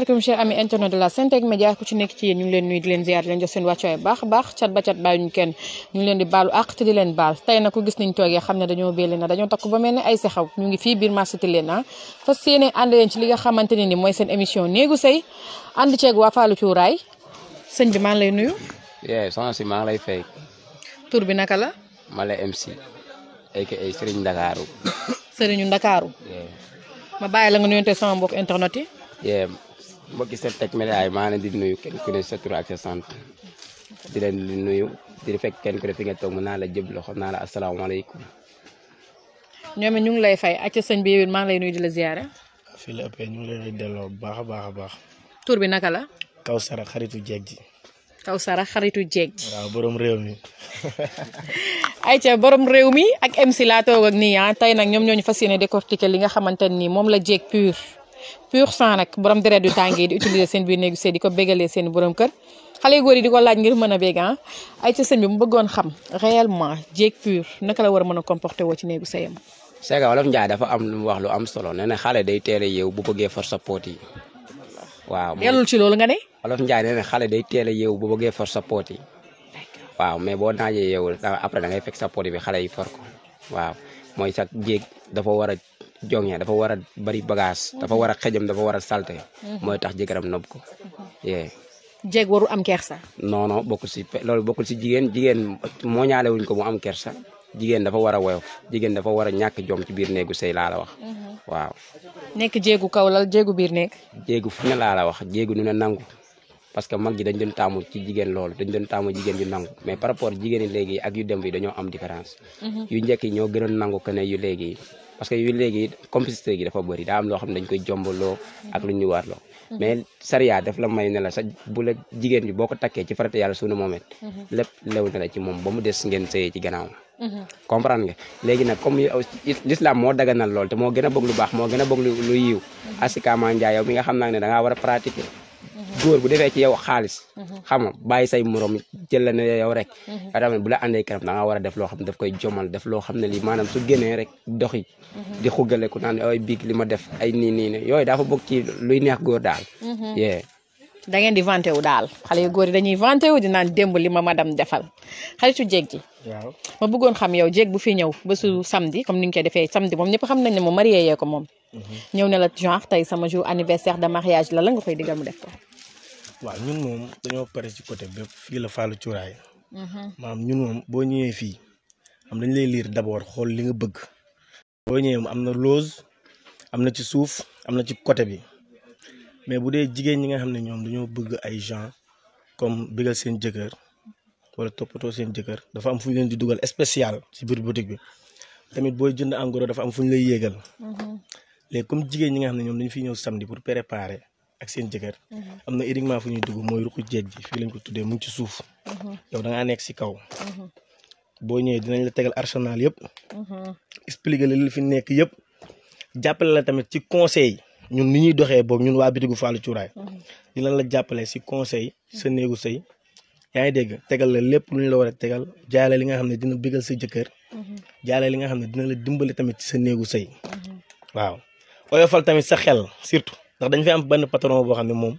asalaamaaleykum chers amis internet de la Sen Tech Média ci nekk ci ñu leen nuyu di leen ziar seen wàccuwaay baax baax cat ba ñu kenn ñu leen di baalu àq te di leen baal tey na ku gis niñ toogee xam ne dañoo béele na dañoo takku ba ah. li nga xamante ne ni mooy seen émission néegu sëy ànd ceeg waa Fallou Cuuraay sëñ bi maa lay nuyu yee soxna si lay fay tur bi naka la Mala MC aka Serigne Ndakaaru Serigne Ndakaaru ma bàyyi la nga nuyonte sama mbokk internet yi mbokki seen teg média yi maa leen di nuyu kenn ku ne sa tur ak sa sant di leen di nuyu di fekk kenn ku ne fi nga toog mën naa la jëb loxo naa la asalaamaaleykum. ñoom ñu ngi lay fay ak sa bi yow maa ngi lay nuyu di la ziyaare. fii la ëppee ñu ngi lay delloo bu baax baax baax. tur bi naka la. Kawsara xaritu jeeg ji. Kawsara xaritu jeeg ji. waaw borom réew mi. ayca borom réew mi ak MC laa toog ak nii ah tey nag ñoom ñoo ñu fas yéene décortiquer li nga xamante ni moom la jeeg pur sang nag borom deret yu tàngee di utiliser seen biir néegu sëy di ko bégalee seen borom kër xale yu góor yi di ko laaj ngir mën a bég ah. ay ci sëñ bi mu bëggoon xam réellement jéeg pur naka la war a mën a comporté woo ci néegu sëyam. Sega wolof Njaay dafa am lu mu wax lu am solo nee na xale day teel a yeewu bu bëggee for sa poot yi. waaw yalul ci loolu nga ne. wolof Njaay xale day teel a yeewu bu bëggee for sa poot waaw mais boo naajee yeewul après da ngay fekk sa poot bi xale yi for ko waaw mooy sax jéeg dafa war a joŋee dafa war a bari bagage dafa war a dafa war a salte mhm. mooy tax jëkkëram nopp ko yee waru am kersa non non bokkul si loolu bokkul si jigéen jigéen moo ñaale wuñ ko mu am kersa jigéen dafa war a woyof jigéen dafa war a ñàkk jom ci biir néegu sëy laa a wax mhm. waaw nekk jéegu kaw lal jéegu biir néeg jéegu fu ne laa wax jéegu nu ne nangu parce que mag ji dañ doon taamu ci jigéen loolu dañ doon taamu jigéen yu nangu mais par rapport jigéen léegi ak yu dem bi dañoo am différence mhm. yu njekki ñoo gënoon nangu que yu léegi parce que yu léegi complicité gi dafa bëri daa am loo xam ne dañ koy jombaloo ak lu ñu warloo mhm. mais sariya daf la may ne la sa bu la jigéen bi boo ko takkee ci farata yàlla suuna moomet mhm. lépp lew na la ci moom ba mu des ngeen sëyee ci gannaaw mhm. comprendre nga léegi nag comme l'islam moo daganal lool te moo gën a bëgg lu baax moo gën a bëgg lu yiw asikaama njaay yow mi nga xam naa ne da war a pratiquer góor bu defee ci yow xaalis mhm. xam bay say morom jël la ne yow rek mhm. bu la àndee kanam da nga war def loo xam ne daf koy jomal def loo xam ne li maanaam su génnee rek doxi mhm. di xugaleku naan ay biig ma def ay nii nii yooyu ci luy neex góor daal yee da ngeen di vanté wu daal xale yu góor yi dañuy vanté wu di naan démb li ma madame defal xaritu jéeg ji waaw ma bëggoon xam yow jéeg bu fi ñëw bésu samedi comme ni ñu koy defee samedi moom ñëpp xam nañ ne moom marié yee ko moom ñëw ne la genre tey anniversaire de mariage la la nga koy digal mu waaw ñun moom dañoo pare ci côté bépp fii la Fallou Cuuraay. Mm-hmm. maam ñun moom boo ñëwee fii am dañ lay liir d'abord xool li nga bëgg. boo ñëwee am na loos am na ci suuf am na ci côté bi mais bu dee jigéen ñi nga xam ne ñoom dañoo bëgg ay gens comme bigal seen jëkkër wala toppatoo seen jëkkër dafa am fu leen di dugal spécial ci biir boutique bi tamit booy jënd en gros am fu ñu lay yéegal. Mm-hmm. léegi comme jigéen ñi nga ñoom dañu fi ñëw samedi pour préparer. ak seen jëkkër. Mhm. am na uniquement fu ñuy dugg mooy ruqu jeeg ji fii lañ ko tuddee mu ngi ci suuf. Mhm. yow da nekk si kaw. Mhm. boo ñëwee dinañ la tegal arsenal yëpp. expliquer la li fi nekk yëpp. jàppale la tamit ci conseil ñu ni ñuy doxee boobu ñun waa bitigu Fallou Cuuraay. di lan la jàppale si conseil sa néegu sëy yaa ngi dégg tegal la lépp lu ñu la war a tegal jaale li nga xam ne dina bégal sa jëkkër. jaale li nga xam ne dina la dimbali tamit ci sa néegu sëy waaw oyofal ndax dañ fi am benn patron boo xam ne moom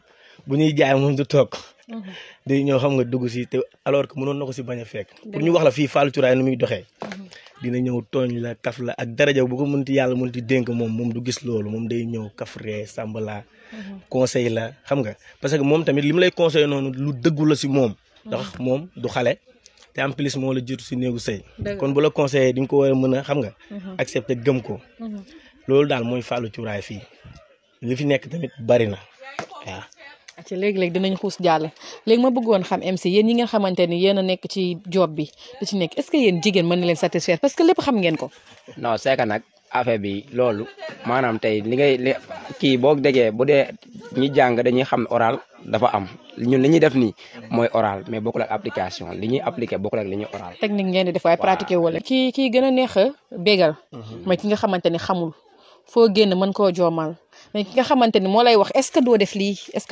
bu ñuy jaay moom du toog. Mhm. day ñëw xam nga dugg si te alors que mënoon na ko si bañ a fekk. pour ñu wax la fii Fallou Cuuraay nu muy doxee. Mhm. dina ñëw tooñ la kaf la ak daraja bu ko ti yàlla mënti dénk moom moom du gis loolu moom day ñëw kaf ree sàmb la mhm. conseil la xam nga parce que moom tamit li mu lay conseil noonu lu dëggu la si moom. ndax moom du xale. te en plus moo la jiitu si néegu sëy kon bu la conseillé di nga ko war a mën a xam nga. accepté gëm ko. loolu daal mooy Fallou Cuuraay fii. li fi nekk tamit bari na waaw. ci léegi-léegi dinañ xuus jàll léegi ma bëggoon xam MC yéen ñi nga xamante ni yéen nekk ci job bi di ci nekk est ce que yéen jigéen mën na leen satisfaire parce que lépp xam ngeen ko. bi loolu maanaam tey li ngay li kii boo déggee bu dee ñi jàng dañuy xam oral dafa am ñun li ñuy def nii mooy oral mais bokkul ak application li ñuy appliqué bokkul ak li ñuy oral. technique ngeen di def waaye pratiqué wala. kii kii gën a neex a mhm. mooy ki nga xamante ni xamul foo génn mën koo joomal. mais nga xamante ni moo lay wax est-ce que doo def lii est-ce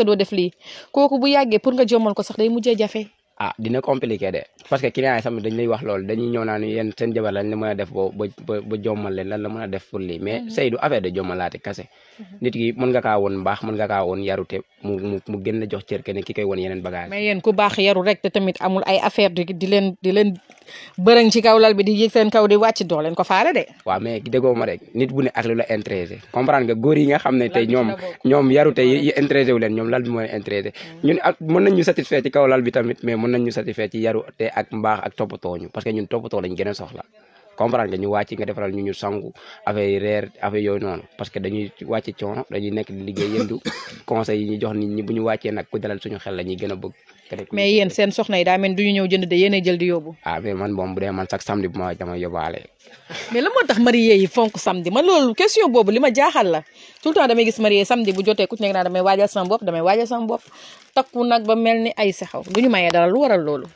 que bu yàggee pour nga jommal ko sax day mujjee jafe ah dina compliqué de parce que client yi sama dañ lay wax loolu dañuy ñëw naan yéen jabar lañ la a def ba ba leen lan la a def pour mais mhm. Seydou affaire de jommalaate kase mhm. nit nga kaa woon mbaax mën nga kaa woon yarute mu mu la jox cër ke ne woon yeneen bagage mais yéen ku baax yaru tamit amul ay affaire di leen di ci kaw lal bi di yéeg seen kaw di wàcc doo ko faale de waaw mais déggoo ma rek nit bu ne ak lu la mën ñu satisfaire ci yaru te ak mbaax ak toppatoo ñu parce que ñun toppatoo lañ gën a soxla comprendre nga ñu wàcc nga defaral ñu ñu sangu affaire yi reer affaire yooyu noonu parce que dañuy wàcc coono dañuy nekk liggéey yëndu conseil ñu jox nit ñi bu ñu wàccee nag ku dalal suñu xel la ñuy gën a bëgg mais yéen seen soxna yi daa mel du ñu ñëw jënd de yéenay jël di yóbbu. ah mais man moom man sax samedi bu ma dama yóbbaale. mais man loolu question boobu li ma jaaxal la tout le temps damay gis marié samedi bu jotee ku ci nekk naa damay waajal sama bopp damay takku nag ba mel ni ay saxaw du ñu mayee dara lu waral loolu.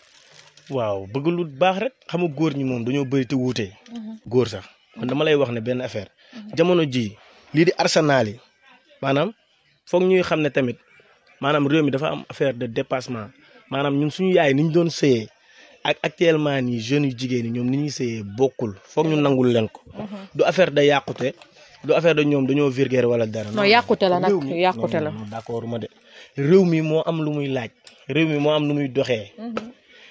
waaw bëgg lu baax rek xam nga góor ñi moom dañoo bëri te wuute. Mhm. góor sax man dama lay wax ne benn affaire jamono ji lii di arsenal yi maanaam foog ñuy xam ne tamit maanaam réew mi dafa am affaire de dépassement maanaam ñun suñu yaay ni ñu doon sëyee ak actuellement nii jeunes yu jigéen ñi ñoom ni ñuy sëyee bokkul foog ñu nangul leen ko. Mhm. du affaire da yàqute du affaire da ñoom dañoo virgère wala dara. non yàqute la nag yàqute la d'accord ma de réew mi moo am lu muy laaj réew mi moo am lu muy doxee. Mhm.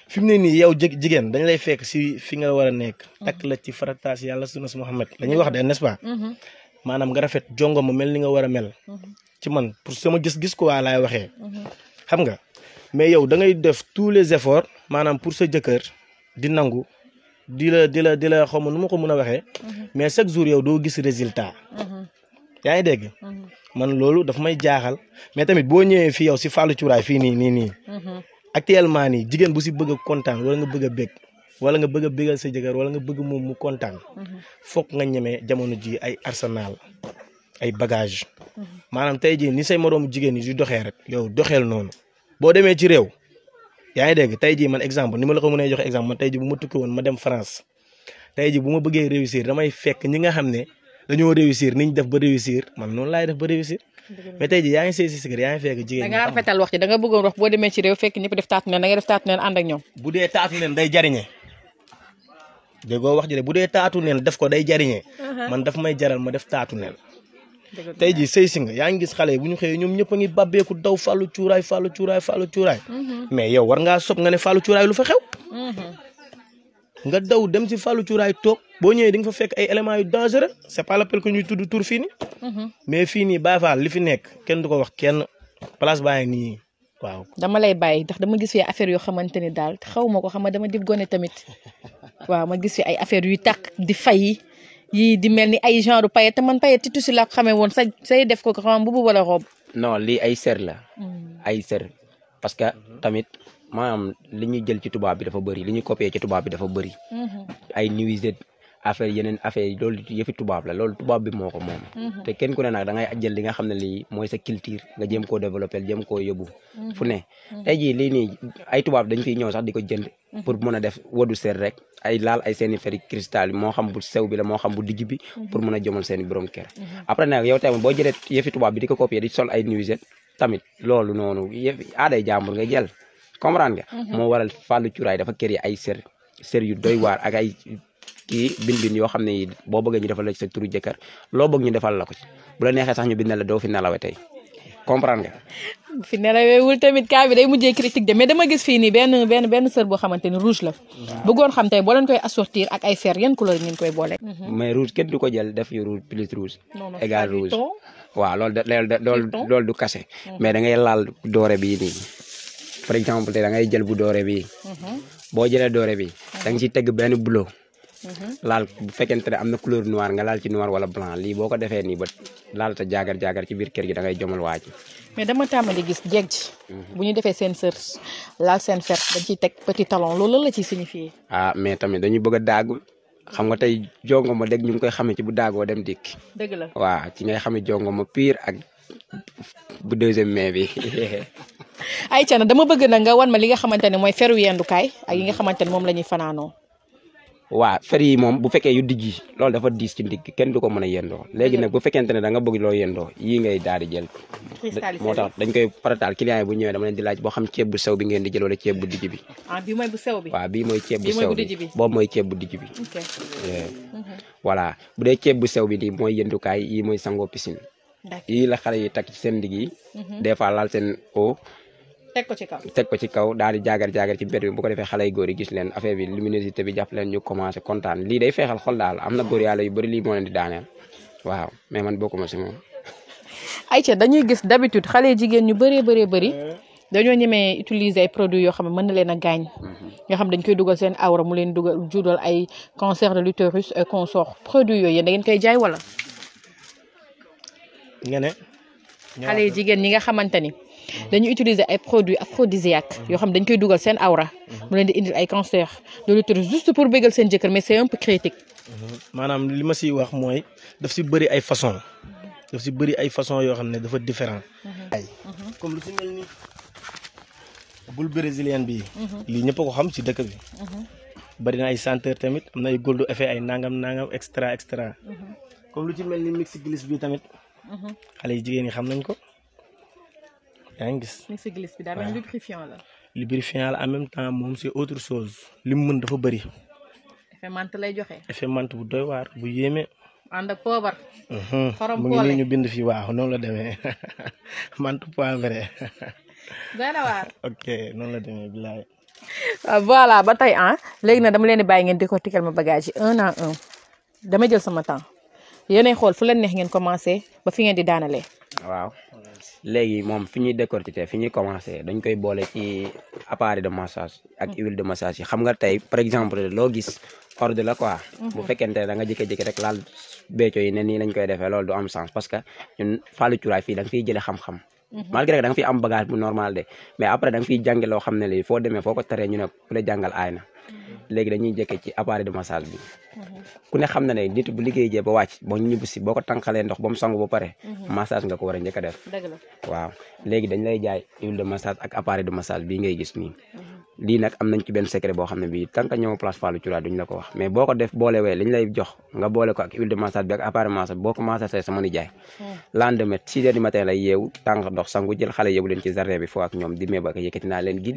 fi mu ne nii yow jigéen dañ lay fekk si fi nga war a nekk. takk la ci farataas yàlla sunna si Muhammad dañuy wax de n'est-ce pas. Mhm. maanaam nga rafet jongo ma mel ni nga war a mel. ci man pour sama gis-gis ko waa laay waxee. xam nga mais yow dangay def tous les efforts maanaam pour sa jëkkër di nangu di la di la di la xaw ma nu ma ko mën a waxee. Mhm. mais chaque jour yow doo gis résultat. Mhm. yaa ngi dégg. Mhm. man loolu daf may jaaxal mais tamit boo ñëwee fii yow si Fallou Cuuraay fii nii nii nii. actuellement nii jigéen bu si bëgg kontaan wala nga bëgg a bég wala nga bëgg a bégal sa jëkkër wala nga bëgg moom mu kontaan. fokk nga ñemee jamono ji ay arsenal ay bagage maanaam tey jii ni say moroomu jigéen yi di doxee rek yow doxeel noonu. boo demee ci réew yaa ngi dégg tey jii man exemple ni ma la ko mënee joxe exemple man tey jii bu ma tukki woon ma dem France tey jii bu ma bëggee réussir damay fekk ñi nga xam ne dañoo réussir ni ñu def ba réussir man noonu laay def ba réussir. mais tey jii yaa ngi sëy si sigar yaa ngi fekk jigéen ñi. da ngaa rafetal wax ji da nga bëggoon wax boo demee ci réew fekk ñëpp def def taatu neen dee taatu neen day jariñe déggoo wax ji de bu dee taatu neen def ko day jariñe uh-huh. man daf may jaral ma def taatu neen tey jii sëy si nga yaa ngi gis xale yi bu ñu xëyee ñoom ñëpp a ngi bàbbeeku daw fàllu cuuraay fàllu cuuraay fàllu cuuraay mm-hmm. mais yow war ngaa sob nga ne fàllu cuuraay mm-hmm. si fàllu cuuraay toog boo ñëwee di nga fa fekk ay éléments yu dangereux c'est pas l'appel que ñuy fii nii mm-hmm. mais Baay li fi nekk kenn du ko wax kenn place baa ngi nii waaw dama lay bàyyi ndax dama gis fi affaire yoo xamante ni daal xaw ma ko xam dama dib gone tamit waaw ma gis fi ay affaire yuy tàkk di fay yii di mel ni ay genre paillette te man paillette ci tissu laa ko woon sa say def ko xam mbubu wala robe. non lii ay ser la. Hmm. ay ser parce que tamit maanaam li ñuy jël ci tubaab bi dafa bëri li ñuy copier ci tubaab bi dafa bëri. Hmm. ay nuisette affaire yeneen affaire yi loolu yëfi tubaab la loolu tubaab bi moo ko moom mhm. te kenn ku ne nag da ngay jël li nga xam ne lii mooy sa culture nga jéem koo développé jéem koo yóbbu mhm. fu ne mhm. tey jii lii ay tubaab dañ fiy ñëw sax di o jënd pour mën a def wadu seet rek ay laal ay seeni feri cristal moo xam bu sew bi la moo xam bu dijj bi pour mën a jëmal seeni borom kër après nag yow tamit boo jëlee yëfi tubaab bi di ko copier di sol ay nuisette tamit loolu noonu yëf nga jël comprendre nga moo waral fàllu cuuraay dafa kër yi ay ser ser ci bindin yoo xam ne yi boo bëggee ñu defal la ci bu la neexee sax ñu bindal la doo fi nelawe tey comprendre nga. fi nelawewul tamit kaa bi day mujjee critique de mais dama gis fii nii benn benn boo xamante ni rouge la. bëggoon xam tey boo koy assortir ak ay fer yan couleur ngeen koy boole. Mm-hmm. mais rouge kenn du ko jël def yu rouge plus rouge. égal rouge waaw loolu da loolu loolu du kase. Mm-hmm. mais da ngay laal doore bii nii par exemple tey da ngay jël bu doore bii. Mm-hmm. Mm-hmm. laal bu fekkente ne am na couleur noir nga laal ci noir wala blanc lii boo ko defee nii ba laal ta jaagar jaagar ci biir kër gi da ngay jomal waaj. mais dama tàmmali gis jeeg ji. Mm-hmm. bu ñu defee seen sër laal seen fer dañ ciy teg petit talon loolu lan la ciy signifié. ah mais tamit dañuy bëgg a daagu xam nga tey jongo ma ñu ngi koy xamee ci bu daagoo dem dikk. dëgg la waaw ci ngay xamee jongo ma pire ak bu deuxième mai bi. ay dama bëgg nag nga ma li nga xamante ne mooy feru yendukaay ak yi nga xamante ne moom la ñuy fanaanoo. waa fer yi moom bu fekkee yu digg yi loolu dafa diis ci ndigg kenn du ko mën a yendoo léegi nag bu fekkente ne da nga bëgg loo yendoo yii ngay daal di jël moo tax dañ koy paratal client yi bu ñëwee dama leen di laaj boo xam ceeb bu sew bi ngeen di jël wala ceeb bu digg bi ah, waaw bii mooy ceeb bu sew boobu mooy ceeb bu digg bi mhm. voilà bu dee ceeb bu sew bi di mooy yendukaay yii mooy sangoo piscine yii la xale yi takk ci seen ndigg yi mhm. des fois laal seen eau teg ko ci kaw ko ci kaw daal di jaagar jaagar ci mbedd bi bu ko defee xale yu góor yi gis leen affaire bi luminosité bi jàpp leen ñu commencé kontaan lii day feexal xol daal am na góor yàlla yu bëri lii moo leen di daaneel waaw mais man bokkuma si moom. ayca dañuy gis d'habitude xale jigéen ñu bëree bëree bëri dañoo ñemee utiliser ay produits yoo xam ne mën na leen a gaañ. Mhm. yoo xam dañ koy dugal seen awra mu leen dugal juddal ay cancer de l'utérus et euh, consort produits yooyu yéen da ngeen koy jaay wala. nga ne. xale jigéen ñi nga xamante ni dañuy utiliser ay produits aphrodisiaques yoo xam dañ koy dugal seen awra mu leen di indil ay cancer de l'utérus juste pour bégal seen jëkkër mais c'est un critique. Mhm. maanaam li ma siy wax mooy daf si bëri ay façon daf si bëri ay façon yoo xam ne dafa différent mhm. Mhm. comme lu si mel ni boule brésilienne bii. lii ñëpp bi. bari na ay senteur tamit am na ay gold effet ay nangam nangam extra extra. comme lu ci mel ni mix glis bi tamit. xale yi jigéen ñi xam nañ ko. yaa ngi gis. mi ngi si glisse bi daa mel la. lubrifiant la en même temps moom c'est autre chose. li mu mën dafa bëri. effet mante lay joxe. effet mant bu doy waar bu yéeme. ànd ak poobar. Mhm. xorom poole mu ngi nii ñu bind fii waaw noonu la demee mant poivré. doy noonu la demee bilaay. Ah, voilà ba tey ah léegi nag dama leen di bàyyi ngeen di ko tikkal ma bagage yi un à dama jël sama temps yéenay xool fu leen neex ngeen commencé ba fi ngeen di daanalee. waaw. léegi moom fi ñuy décortiquer fi ñuy commencé dañ koy boole ci appareil de massage ak mm. huile de massage yi xam nga tey par exemple loo gis ordre la quoi. Mm-hmm. bu fekkente ne da jëkk jékki rek laal bécco yi ne nii lañ koy defee loolu du am sens parce que ñun Fallou Cuuraay fii da nga fiy jëlee xam-xam. Mm-hmm. malgré que da am bagage bu normal de mais après da nga fiy jànge loo xam ne lii foo demee foo ko teree ñu ne ku la jàngal aay na. Mm-hmm. léegi dañuy jëkkee ci appareil de massage bi mhm. ku ne xam na ne nit bu liggéey jee ba wàcc boo ñibbi boo ko tànqalee ndox ba mu sangu ba pare mhm. massage nga ko war a a def waaw léegi dañ lay jaay huile de massage ak appareil de massage bii ngay gis nii mhm. lii nag am nañ ci benn secret boo xam ne bii tant ak huile boo ko massage sama nijaay lendemain six heures du matin lay yeewu tànq ndox sangu jël xale yóbbu leen ci jardin bi foo ak ñoom di mee ba yëkkati naa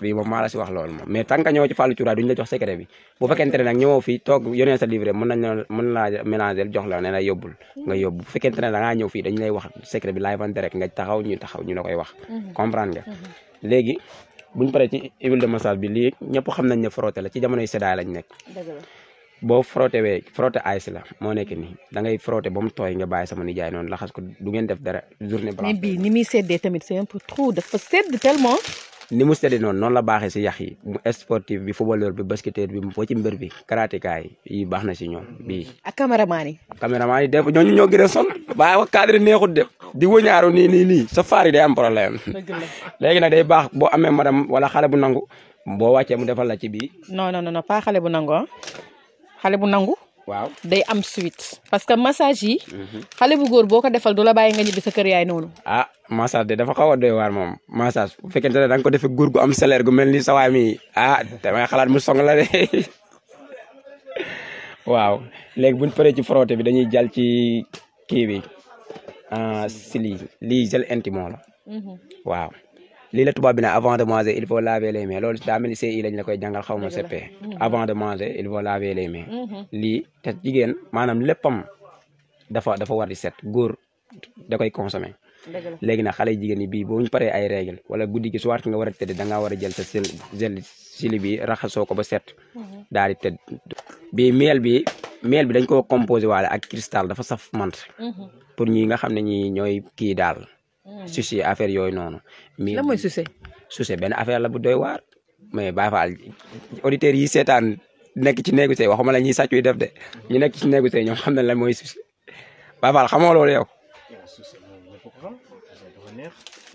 fii moom maa la si wax loolu moom mais tant que ñëw ci Fallou Cuuraay duñu la jox secret bi bu fekkente nag sa livre mën nañ la mën la ñëw fii dañu lay wax secret live en direct nga taxaw ñu taxaw ñu la koy wax mhm. comprendre nga mhm. léegi buñ paree ci huile de bi lii ñëpp xam nañ ne frotté la ci jamonoy seddaay lañ nekk boo frotté wee frotté ice la moo nekk nii da ngay frotté ba mu tooy nga bàyyi sama nijaay noonu laxas ko du ngeen def dara journée blanche mais bii ni muy seddee tamit ni mu sedd noon noonu la baaxee si yax yi mu sportif bi footballeur bi basketteur bi ba ci mbër bi karateka yi yi baax na si ñoom bii. ak caméraman yi. caméraman yi def ñooñu ñoo gën a son waaye wax cadre neexut def di wëñaaru nii nii nii sa faar am problème. léegi nag day baax boo amee madame wala xale bu nangu boo wàccee mu defal la ci bii. non non non pas xale bu nangu ah. xale bu nangu. waaw day am suite. parce que massage yi. xale bu góor boo ko defal du la bàyyi nga ñibbi sa kër yaay noonu. ah massage de dafa xaw a doy waar moom massage bu fekkente ne da ko defee góor gu am salaire gu mel ni sa waay mi ah damay xalaat mu song la de waaw léegi buñ paree ci frotté bi dañuy jal ci kii bi ah si lii lii gel intime la. Mhm. waaw. lii la tubaab bi avant de manger il faut laver les mains loolu daa mel ni CI lañ la koy jàngal xaw ma CP mm-hmm. avant de manger il faut laver les mm-hmm. lii te jigéen maanaam léppam dafa dafa war di set góor da koy consommer léegi nag xale jigéen yi bii boo ñu paree ay règle wala guddi gi soir nga war a tëdd dangaa war a jël sa sel gel sili bi raxasoo ko ba set mm-hmm. daal di tëdd bii miel bi miel bi dañ koo composé waale ak cristal dafa saf mant pour ñii nga xam ne ñii ñooy kii daal Hmm. sucé affaire yooyu noonu. mais lan mooy sucé. sucé benn affaire la bu doy waar. mais Baay Faal auditeurs yi seetaan nekk ci néegu sey waxuma la ñuy sàcc yu def de ñu nekk ci néegu sey ñoom xam ne la mooy sucé Baay Faal xamoo loolu yow.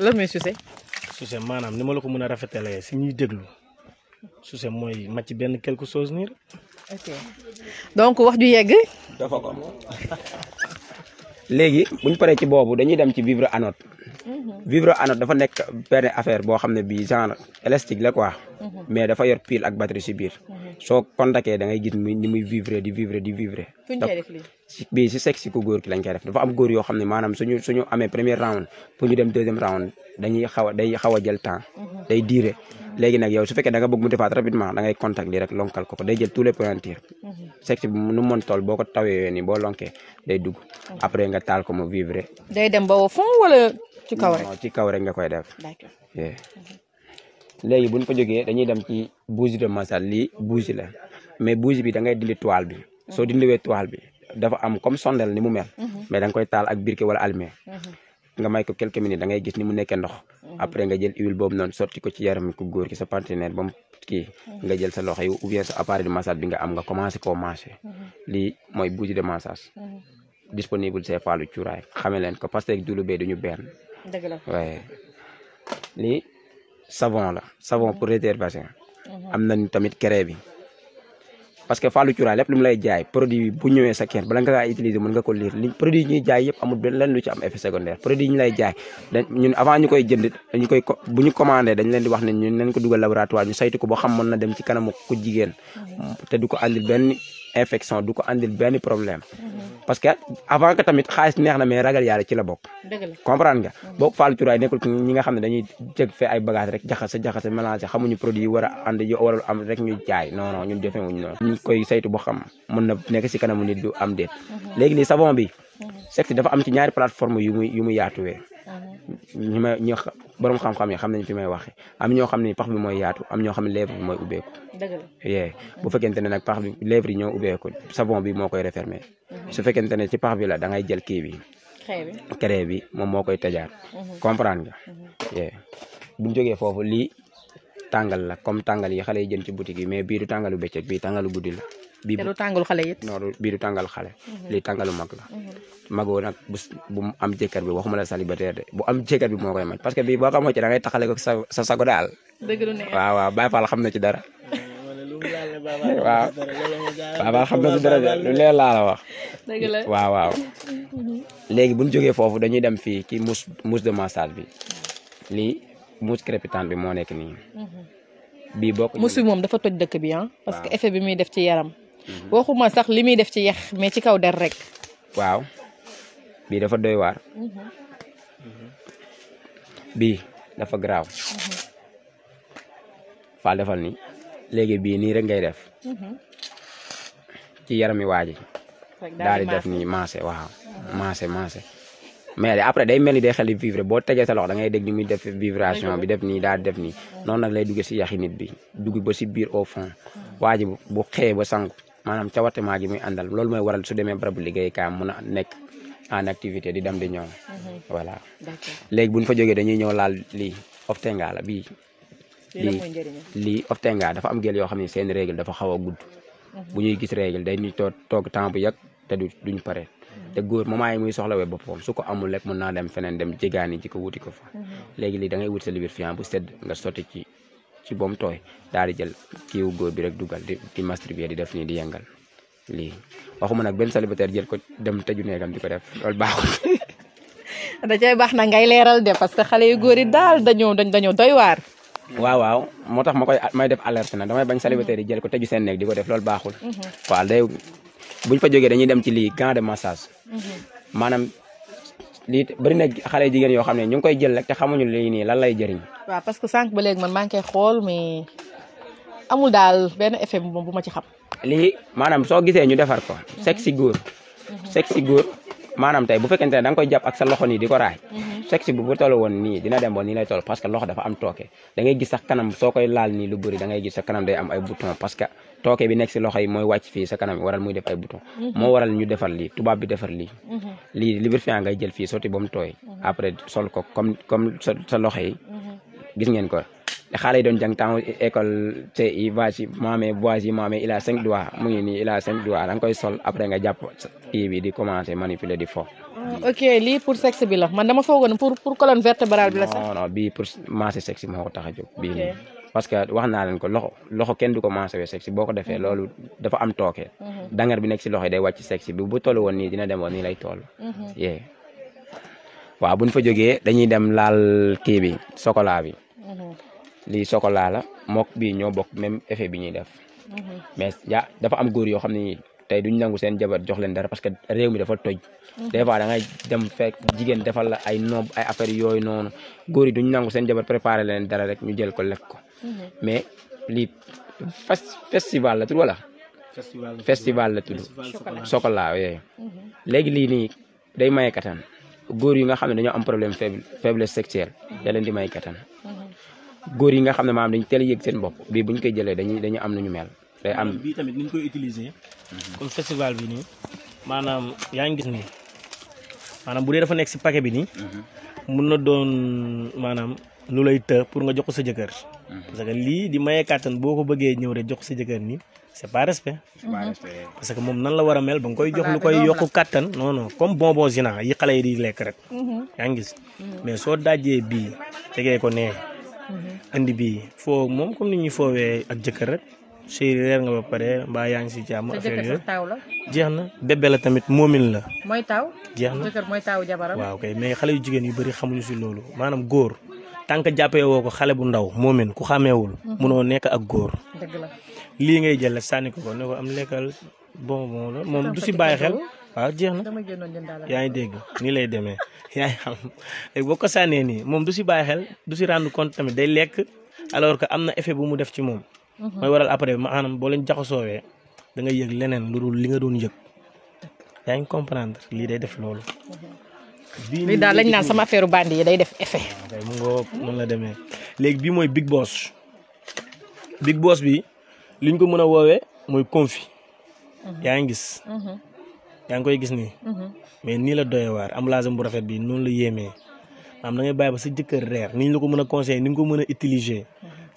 la mooy sucé. sucé maanaam ni ma la ko mën a rafetalee si ñuy déglu sucé mooy màcc benn quelque chose nii. donc wax ju yegg. léegi ñu paree ci boobu dañuy dem ci vivre anode mhm. vivre anode dafa nekk benn affaire boo xam ne bii genre élastique la quoi mhm. mais dafa yor pile ak batterie si biir mhm. soo contacté da ngay gis muy ni muy vivre di vivre di vivre bii si sexe ku góor ki lañ koy def dafa am góor yoo xam ne maanaam suñu suñu amee premier round pour ñu dem deuxième round dañuy xaw a day xaw a jël temps day diire léegi nag yow su fekkee danga nga bëgg mu defaat rapidement da ngay contact lii rek lonkal ko ko day jël tous les pointures mhm. sexe bi nu mën tool boo ko tawee nii boo lonkee day dugg mhm. après nga taal ko mu vivre day dem ba au ci kaw rek ci kaw rek nga koy def léegi buñ fa jógee dañuy dem ci bougie de massage lii bougie la mais bougie bi da ngay dindi toile bi soo mhm. dindiwee toile bi dafa am comme sondel ni mu mel mais da koy taal ak briquet wala allumette nga may ko quelques minutes da ngay gis ni mu nekkee ndox Mhm. après nga jël huile boobu noonu sotti ko ci yaram ku góor ki sa partenaire ba mu kii mhm. nga jël sa loxo yi ou sa appareil de massage bi nga am nga commencé koo masser mhm. lii mooy bougie de massage disponible c'est Fallou Cuuraay xame leen ko parce que Diouloubé duñu benn. dëgg la waaye la savon pour réservation. am nañu tamit crème parce que Fallou Cuuraay lépp lu mu lay jaay produit bu ñëwee sa bala nga kaa utiliser mën nga ko liir produit ñuy jaay yëpp amul benn lenn lu am effet secondaire produit ñu lay jaay ñun avant ñu koy jënd dañu koy bu ñu dañ leen wax ne ñun nañ ko dugal laboratoire ñu saytu ko boo xam mën na dem ci kanamu ku jigéen te du ko andil benn infection du ko andil benn problème parce que avant que tamit xaalis neex na mais ragal yàlla ci la bokk comprendre nga boo faalu curaay nekkul ñi nga xam ne dañuy jëg fee ay bagage rek jaxase jaxase mélangé xamuñu produit yi war a rek ñuy jaay non non ñun jëfewuñu noonu ñu koy saytu boo xam mën na nekk si kanamu nit du am déet léegi nii savon bi secte dafa am ci ñaari plateforme yu muy yu muy borom xam-xam yi xam nañ fi may waxe am ñoo xam ne pax bi mooy yaatu am ñoo xam ne lèvre bi mooy ubbeeku yee bu fekkente ne nag pax bi lèvre yi ñoo ubbeeku sabon bi moo koy refermer mhm. su fekkente ne ci pax bi la da ngay jël kii bi crée bi moom moo koy tëjaat mhm. comprendre nga mhm. yee buñ jógee foofu lii tàngal la kom tàngal yi xale yi jën ci boutique yi mais bii du tàngalu bëccëg bii tàngalu guddi la bii te du tàngal xale it. non bii du tàngal xale. Mhm. lii tàngalu mag la. Mhm. magoo nag bu bu am jëkkër bi waxuma la célibataire de bu am jëkkër bi moo koy maj parce que bii boo xamoo ci da ngay taxale ko sa sa xam na ci dara. waaw Baye Fall na laa wax. dëgg la waaw waaw. Mhm. léegi bu ñu jógee foofu dañuy dem fii ci mus mousse de massage bi lii mousse crépitante bi moo nekk nii. bii bokk mousse bi moom dafa toj dëkk bi ah. parce que effet bi muy def ci yaram. Mhm. waxuma sax li muy def ci yex mais ci kaw der rek. waaw bii dafa doy waar. Mhm. bii dafa garaaw. Mhm. faal defal ni léegi bii nii rek ngay def. ci yaram yarami waaji daal di def nii maase waaw maase maase. mais après day mel ni day xel di vivre boo tegee sa loxo da ngay dégg ni muy def vibration bi def nii daal def nii noonu nag lay duggee si yaxi nit bi dugg ba si biir au fond waa bu xëyee ba sangu maanaam cawatement gi muy àndal loolu mooy waral su demee barabu liggéeykaayam mun a nekk en activité di dem di ñëw. Mhm. voilà léegi bu ñu fa jógee dañuy ñëw laal lii oftenga la bii. lii lii oftenga dafa am gel yoo xam ne seen règle dafa xaw a gudd. Mhm. bu ñuy gis règle day ñuy toog temps bu yàgg te du duñ pare. Mhm. te góor moment yi muy soxlawee boppam su ko amul rek mun naa dem feneen dem jéggaani ji ko wuti ko fa. léegi lii da ngay wut sa lubrifiant bu sedd nga sotti ci. ci ba mu tooy daal di jël kiiwu góor bi rek dugal di di di def nii di yëngal lii waxuma nag benn célibataire jël ko dem tëju neegam di ko def loolu baaxul. da cay baax na ngay leeral de parce que xale yu góor yi daal dañoo dañoo doy waar. waaw waaw moo tax ma koy may def alerte nag damay bañ célibataire yi jël ko tëju seen neeg di ko def loolu baaxul. Mhm. waaw day buñ fa jógee dañuy dem ci lii gant massage. Mhm. maanaam lii bëri na xale jigéen yoo xam ne ñu ngi koy jël rek te xamuñu lii nii lan lay jëriñ. waaw parce que sànq ba léegi man maa xool mais amul daal benn effet bu ma ci xam. lii maanaam soo gisee ñu defar ko. sexy góor. Mhm. sexy góor maanaam tey bu fekkente ne da koy jàpp ak sa loxo nii di ko raay. Mhm. sexy bu bu toll woon nii dina dem ba nii lay toll parce que loxo dafa am tooke da ngay gis sax kanam soo koy laal nii lu bëri da ngay gis sax kanam day am ay bouton parce que. tooke bi nekk si loxo yi mooy wàcc fii sa kanam waral muy def ay bouton mhm. moo waral ñu defar lii tubaab bi defar lii mhm. lii lubrifiant ngay jël fii sotti ba mu tooy mhm. après sol ko comme comme sa sa loxo yi gis ngeen ko xale doon jàng temps école ci vache yi moo amee voies yi a cinq doigts mu ngi nii il a cinq doigts da nga koy sol après nga jàpp i bi di commencé manipuler di fo ah, ok lii pour sexe bi man dama foogoon pour pour colonne vertébrale bi la sax non non masse sexe moo tax a jóg bii parce que wax naa leen ko loxo loxo kenn du ko maasawee sexe boo ko defee mm-hmm. loolu dafa am tooke. Mm-hmm. dangar bi nekk si loxo yi day wàcc sexe bi bu toll woon nii dina dem woon nii lay toll. Mm-hmm. yee bu buñ fa jógee dañuy dem laal kii bi chocolat bi. lii chocolat la mook bii ñoo bokk même effet bi ñuy def. mais ya dafa am góor yoo xam ne tey duñ nangu seen jabar jox leen dara parce que réew mi dafa toj. des fois da ngay dem fekk jigéen defal la ay noob ay affaire yooyu noonu góor yi duñ nangu seen jabar préparé leen dara rek ñu jël ko lekk ko. Mm-hmm. mais lii fes festival la tudd wala. festival la tudd sokola yooyu mm-hmm. léegi lii nii day maye kattan góor yi nga xam ne dañoo am problème faible faiblesse sexuelle leen di may kattan mm-hmm. góor yi nga xam ne maanaam dañu teel a yëg seen bopp bii bu ñu koy jëlee dañuy dañu am lu ñu mel. day am bii tamit ni ñu koy utiliser. comme festival bi nii maanaam yaa ngi gis nii maanaam bu dee dafa nekk si paquet bi nii. mun na doon maanaam lu lay të pour nga jox sa jëkkër. Mhm. parce que lii di maye kàttan boo ko bëggee ñëw rek jox sa jëkkër ni c'est pas respect. Mhm. parce que moom nan la war a mel ba nga koy jox lu koy yokk kàttan non non comme bonbon zinaa yi xale yi di lekk rek. Mhm. yaa ngi mais soo dajee bii tegee ko nee. andi bii foo moom comme ni ñuy foowee ak jëkkër rek. chéri reer nga ba pare mbaa yaa ngi si jàmm affaire yi taaw la jeex na bébé la tamit moomin la mooy taaw jeex na jëkkër mooy taaw jabaram waaw kay mais xale yu jigéen yu bëri xamuñu si loolu maanaam góor tant que jàppee woo ko xale bu ndaw moomin ku xàmmeewul mhm. munoo nekk ak góor dëgg la lii ngay jël la sànni ko ko ne ko am lekkal bon bon la moom du si bàyyi xel waaw ah, jeex na yaa ngi dégg nii lay demee yaa ngi xam boo ko sànnee nii moom du si bàyyi xel du si rendre compte tamit day lekk alors que am na effet bu mu def ci moom mooy waral après maanaam boo leen jaxasoowee da ngay yëg leneen lu li nga doon yëg yaa ngi comprendre lii day def loolu. bii daal lañ naan sama affaire bandi yi day def effet. waaw ah, mu ngoo la demee léegi bii mooy big boss big boss ko mën a woowee mooy confi yaa ngi gis. yaa ngi koy gis nii. mais nii la doyee waar emballage bu rafet bi noonu la yéemee maanaam da ngay bàyyi ba sa jëkkër reer ni ñu la ko mën a conseillé ni nga ko mën a utiliser.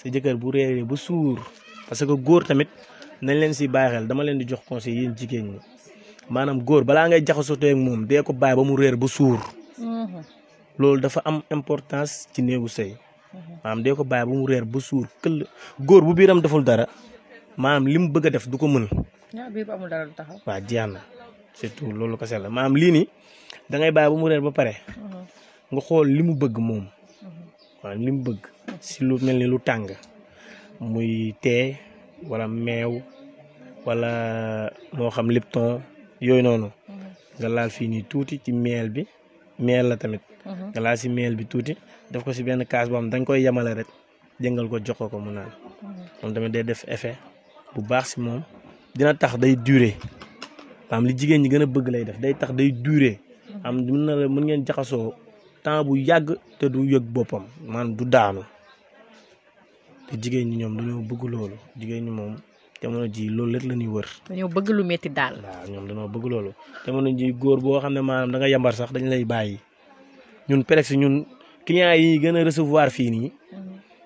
sa jëkkër bu réeree ba suur parce que góor tamit nañ leen si bàyyi dama leen di jox conseil yéen jigéen ñi maanaam góor balaa ngay jaxasotee ak moom dee ko bàyyi ba mu réer ba suur loolu dafa am importance ci néegu sëy maanaam dee ko bàyyi ba mu réer ba suur këll góor bu biiram deful dara maanaam li mu bëgg a def du ko mën ah, waaw jeex na surtout loolu kese la maanaam lii nii da ngay bàyyi ba mu réer ba pare mhm. nga xool li mu bëgg moom maanaam mhm. li mu bëgg si lu mel ni lu tàng muy tee wala meew wala moo xam lipton yooyu noonu mm-hmm. nga laal fii nii tuuti ci meel bi meel la tamit mm-hmm. nga laal si meel bi tuuti def ko si benn kaas boo xam dañ koy yemale rek jëngal ko jox ko mu naan mm-hmm. moom tamit day def effet bu baax si moom dina tax day durer am li jigéen ñi gën a bëgg lay def day tax day durer am mën na la mën ngeen jaxasoo temps bu yàgg te du yëg boppam man du daanu te jigéen ñi ñoom dañoo bëgg loolu jigéen ñi moom jamono ji loolu lépp la ñuy wër. dañoo bëgg lu métti daal. waaw ñoom dañoo bëgg loolu jamono ji góor boo xam ne maanaam da nga yambar sax dañ lay bàyyi ñun presque ñun clients yi gën a recevoir fii nii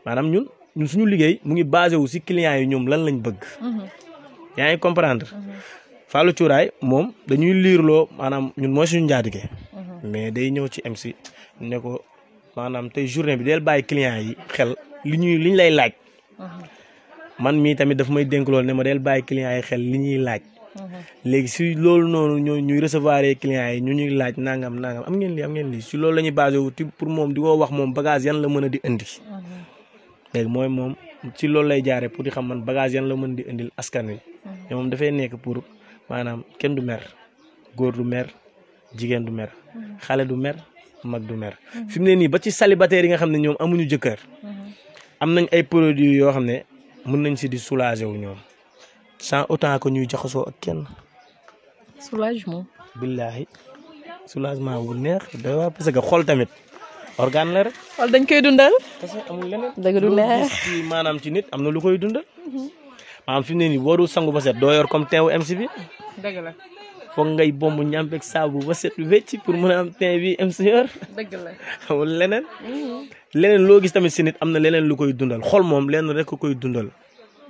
maanaam ñun ñun suñu liggéey mu ngi basé wu si clients yi ñoom lan lañ bëgg. Mhm. yaa ngi comprendre. Mhm. Fallou Cuuraay moom dañuy liirloo maanaam ñun mooy suñu njaatige. mais day ñëw ci MC ne ko maanaam tey journée bi del bàyyi client yi xel li ñuy li lay laaj. Mhm. man mii tamit daf may dénk ne ma del bàyyi client yi xel li ñuy laaj. Mhm. léegi si loolu noonu ñoo ñuy recevoir clients yi ñu ñuy laaj nangam nangam am ngeen lii am ngeen si loolu la ñuy basé wu pour moom di ko wax moom bagage yan la mën a di indi. Mhm. léegi mooy moom ci loolu lay jaaree pour di xam man bagage la mën di indil askan wi. mais moom dafay nekk pour maanaam kenn du mer góor du mer. jigéen du mer mhm. xale du mer mag du mer fi mu ne nii ba ci célibataire yi nga xam ne ñoom amuñu jëkkër mhm. am nañ ay produits yoo xam ne mën nañ si di soulager wu ñoom sans autant que ñuy jaxasoo ak kenn. soulagement. billaahi soulagement wu neex doy waar parce que xol tamit organe la rek. xol dañ koy dundal. parce que du neex ci maanaam ci nit am na lu koy dundal. Mhm. maanaam ne nii warul sangu ba set doo yor comme teewu MC bi. la. foog ngay bomb ñàmpeeg saabu ba set wecc pour mën a am teint bi am seigneur dëgg la xamul leneen mhm. leneen loo gis tamit si nit am na leneen lu koy dundal xol moom lenn rek ko koy dundal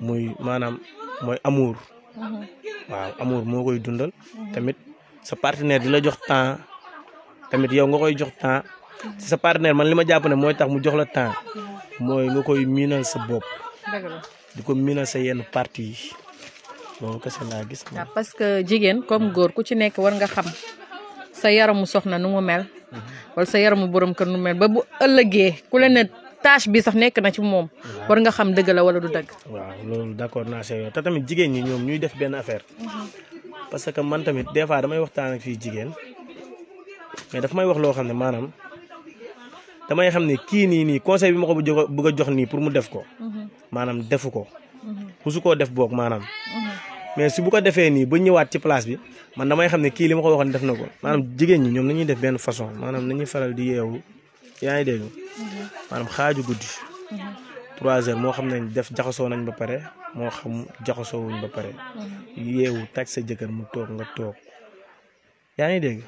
muy maanaam mooy amour mhm. waaw amour moo koy dundal tamit sa partenaire di la jox temps tamit yow nga koy jox temps mhm. sa partenaire man li ma jàpp ne mooy tax mu jox la temps mooy nga koy miinal sa bopp di ko miinal sa yenn parti loolu kese laa gis. waaw parce que jigéen comme góor ku ci nekk war nga xam sa yaramu soxna nu mu mel. Mhm. wala sa yaramu borom kër nu mu mel ba bu ëllëgee ku la ne tâche bi sax nekk na ci moom. Mhm. war nga xam dëgg la wala du dëgg. waaw loolu d'accord naa see yow te tamit jigéen ñi ñoom ñuy def benn affaire. Mhm. parce que man tamit des fois damay waxtaan ak fii jigéen mais daf may wax loo xam ne maanaam damay xam ne kii nii nii conseil bi ma ko bëgg jox nii pour mu def ko. maanaam defu ko. musu def boog maanaam. mais si bu ko defee nii ba ñëwaat ci place bi man damay xam ne kii li ma ko ne def na ko maanaam jigéen ñi ñoom nañuy def benn façon maanaam nañuy faral di yeewu yaa ngi dégg mhm. maanaam xaaju guddi mhm. trois heures moo xam ne def jaxasoo nañ ba pare moo xam jaxasoo wuñ ba pare mhm. yeewu taj sa jëkkër mu toog nga toog yaa ngi dégg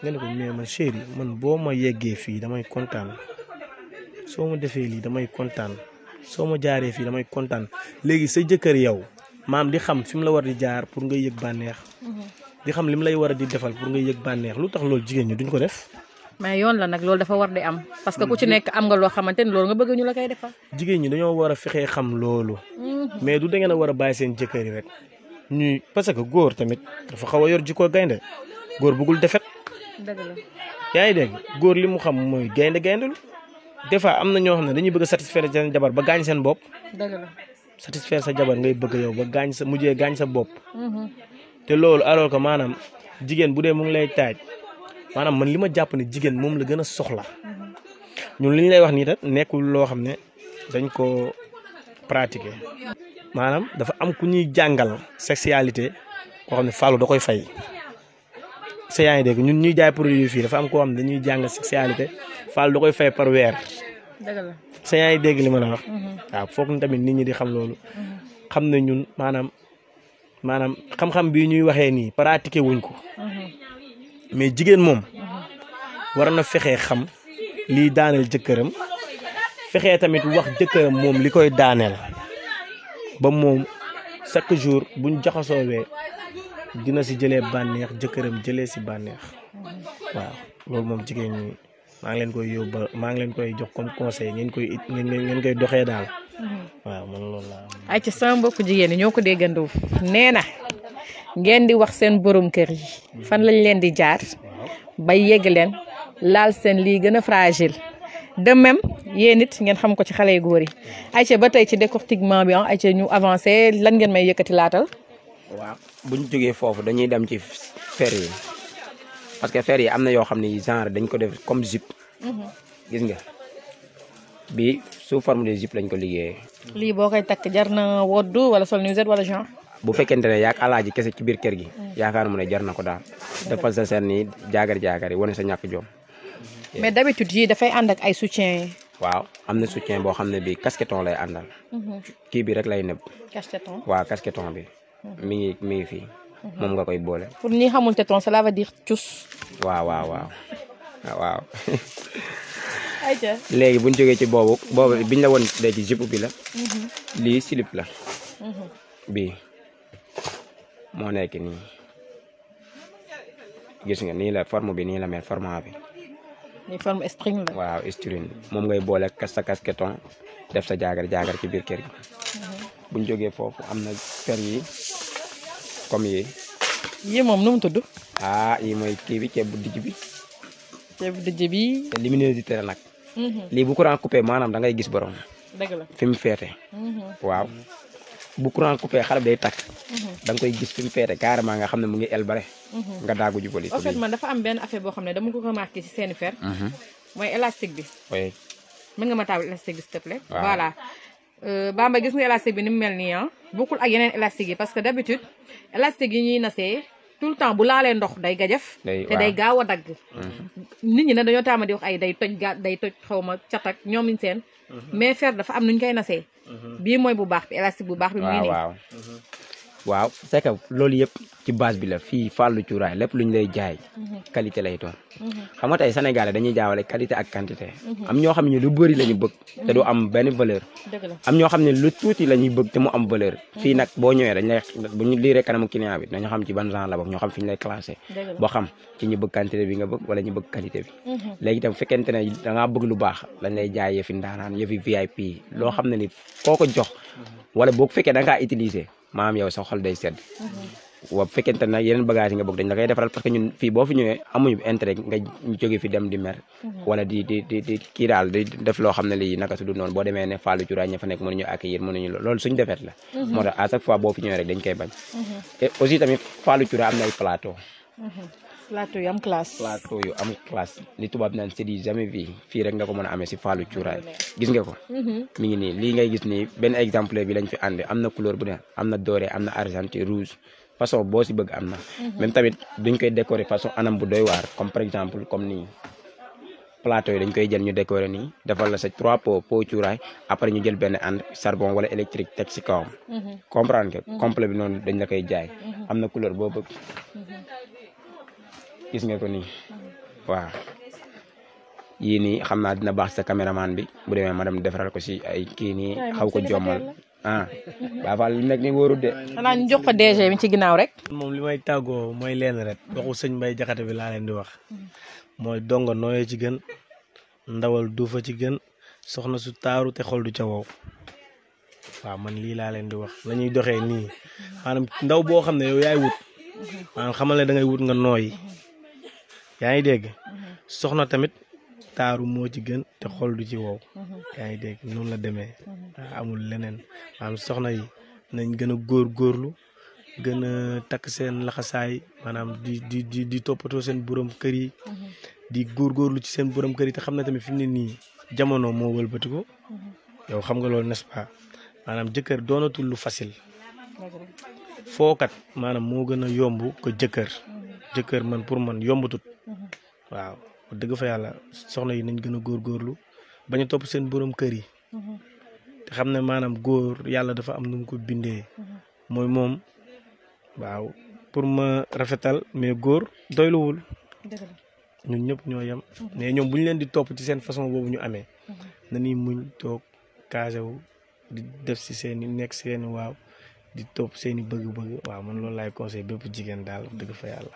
nga ne ko mais man chéri man boo ma yeggee fii damay kontaan soo ma defee lii damay kontaan soo ma jaaree fii damay kontaan léegi sa jëkkër yow maam di xam fi mu la war di jaar pour nga yëg bànneex. di xam li mu lay war a di defal pour nga yëg bànneex lu tax loolu jigéen ñi duñ ko def. mais yoon la nag loolu dafa war di am. parce que ku ci nekk am nga loo xamante ne loolu nga bëgg ñu la koy defal. jigéen ñi dañoo war a fexee xam loolu. mais du dangeen a war a bàyyi seen jëkkër yi rek. ñuy parce que góor tamit dafa xaw a yor ko gaynde góor bëggul defet. dëgg la yaa ngi dégg góor li mu xam mooy gaynde gaynde lu des fois am na ñoo xam ne dañuy bëgg a satisfaire seen jabar ba gaañ seen bopp. satisfaire sa jabar ngay bëgg yow ba gaañ sa mujjee gaañ sa bopp. Mhm. te loolu alors que maanaam jigéen bu dee mu ngi lay taaj maanaam man li ma jàpp ne jigéen moom la gën a soxla. Mhm. ñun li ñu lay wax nii rek nekkul loo xam ne dañ koo pratiquer. maanaam dafa am ku ñuy jàngal sexualité koo xam ne Fallou da koy fay. sa ngi dégg ñun ñuy jaay produit fii dafa am koo dañuy jàng sexualité koy fay par weer. dëgg la dégg li ma la wax. Mhm. waaw foog na tamit nit ñi di xam loolu. Mhm. xam na ñun maanaam maanaam xam-xam bi ñuy waxee nii pratiqué wuñ ko. Mhm. mais jigéen moom. war na fexee xam liy daaneel jëkkëram fexe tamit wax jëkkëram moom li koy daaneel ba moom chaque jour buñ jaxasoowee dina si jëlee bànneex jëkkëram jëlee si bànneex waaw loolu moom jigéen ñi. maa ngi leen koy maa ngi koy jox comme conseil ngeen koy it ngeen koy doxee daal. Mm-hmm. waaw loolu laa. ay ci sama mbokku jigéen ñi ñoo ko déggandoo nee na ngeen di wax seen borom kër yi fan lañ leen di jaar ba yegg leen laal seen lii gën a fragile de même yéen it ngeen xam ko ci xale yu góor yi ay ci ba tey ci décortiquement bi ah ay ci ñu avancé lan ngeen may yëkkati laatal. waaw bu ñu foofu dañuy dem ci fer parce que fer yi am na yoo xam ne genre dañ ko def comme mhm. gis nga bi sous forme de zip lañ ko liggéeyee. lii boo koy takk jar na woddu wala sol nuisette wala bu fekkente ne yaag alaaji kese ci biir kër gi. Mhm. yaakaar mu ne jar na ko daal. defal sa seen ni jaagar jaagar sa ñàkk joom mhm. mais d'habitude dafay ànd ak ay waaw am na soutien boo xam ne bii casqueton lay àndal. kii bi rek lay nëb. casqueton waaw casqueton bi. mi ngi mi Mhm. moom nga koy boole. pour ñi xamul te cela veut dire cus. waaw waaw waaw ah, léegi bu ñu jógee ci boobu boobu biñ la woon léegi jupe bi la. Mhm. lii silip la. Mhm. bi moo nekk nii gis nga nii la forme bi nii la mel format bi. ni forme string la. waaw string moom ngay boole kas sa kasketon def sa jaagar jaagar ci biir kër gi. buñ foofu am na per yi. comme yii. yii moom nu mu tudd. ah yii mooy kii bi ceeb bu dijj bi. ceeb bu dijj bi. te lumineuse di nag. Mhm. lii bu courant coupé maanaam da ngay gis borom. dëgg mu feete. Mhm. waaw bu courant coupé xale bi day takk. Mhm. da koy gis fi mu feete carrément nga xam ne mu ngi el bare. nga daagu jubali. en man dafa am benn affaire boo xam ne dama ko remarqué ci seen fer. mooy élastique bi. oui. nga ma taal élastique bi s'il te plaît. voilà euh, Bamba gis nga élastique bi ni mu mel nii ah. bokkul ak yeneen élastique yi parce que d'habitude élastique yi ñuy nasee tout le temps bu laalee ndox day gajaf te day gaaw a dagg mhm. nit ñi ne dañoo taama di wax ay day toj gaa day toj xaw ma catak ñoomiñ seen mhm. mais fer dafa am nu ñu koy nasee mhm. bii mooy bu baax bi élastique bu baax bi mu ngi nii waaw c'est que loolu yëpp ci base bi la fii fàllu cuuraay lépp lu ñu lay jaay. Mhm. qualité lay doon. Mhm. xam nga tey Sénégalais dañuy jaawale qualité ak quantité. Mhm. am ñoo xam ne lu bëri la ñu bëgg. te du am benn valeur. am ñoo xam ne lu tuuti la ñuy bëgg te mu am valeur. fii nag boo ñëwee dañ bu ñu liiree kanamu client bi dañu xam ci ban genre la bokk ñoo xam fi ñu lay classé. boo xam ci ñu bëgg quantité bi nga bëgg wala ñu bëgg qualité bi. léegi itam fekkente ne da ngaa bëgg lu baax lañ lay jaay yëfi ndaanaan yëfi VIP loo xam ne ni koo ko jox wala boo fekkee nag ngaa utiliser maam yow sa xol day sedd mhm. wa fekkente nag yeneen bagage nga bëgg dañ la koy defaral parce que ñun boo fi ñëwee amuñu intérêt nga jóge fi dem di mer mhm. wala di di di di kii di def loo xam ne lii naka su dul noonu boo demee ne Fallou Cuuraay ña fa nekk mënuñu accueillir mënuñu loolu mhm. moo tax à chaque fois boo fi ñëwee tamit Fallou Cuuraay am na plateau Mhm. plateau yu am classe. plateau yu am classe li tubaab naan c'est du jamais bi fii rek nga ko mën a amee si faalu cuuraay gis nga ko. Mhm. mi ngi nii lii ngay gis nii benn exemple bi lañ fi ànd am na couleur bu ne am na doré am na argenté rouge façon boo si bëgg am na. Mhm. même tamit duñ koy décorer façon anam bu doy waar exemple comme nii. plateau yi dañ koy jël ñu décorer nii defal la sa trois pots pot cuuraay ñu jël benn ànd charbon wala électrique teg si kawam comprendre nga bi noonu dañ la koy jaay am na couleur boo bëgg gis nga ko nii waaw yii xam naa dina baax sa caméraman bi bu demee ma dem defaral ko si ay kii nii xaw ko jommal ah Baay Faal li nekk nii wóorut de. ci ginnaaw moom li may mooy leen rek waxu sëñ Mbay Jaxate bi laa di wax mooy donga nooyee ndawal duufa ci gën soxna su taaru te xol du ca wow la ñuy doxee xamal ne da wut nga nooyi yaa ngi dégg mhm. soxna tamit taaru moo ci gën te xol du ci wow mhm. yaa ngi dégg noonu la demee mhm. ah, amul leneen maanaam soxna yi nañ gën a góor góorlu gën a takk seen laxasaay maanaam di di di di toppatoo seen borom kër yi di góor góorgóorlu ci seen borom kër yi te xam na tamit fi mu ne nii jamono moo walbatiku yow xam nga loolu n'est-ce maanaam jëkkër doonatul lu facile fookat maanaam moo gën a yomb ko jëkkër jëkkër man pour man yombatut waaw dëgg fa yàlla soxna yi nañ gën a góorlu bañ a topp seen borom kër yi. te xam ne maanaam góor yàlla dafa am nu mu ko bindee. mooy moom waaw pour ma rafetal mais góor doyluwul. ñun ñëpp ñoo yem. Mhm. mais ñoom bu ñu leen di topp ci seen façon boobu ñu amee. Mhm. nañuy muñ toog kaasewu di def si seen i nekk seen waaw di topp seen i bëgg-bëgg waaw man loolu laay conseil bépp jigéen daal dëgg fa yàlla.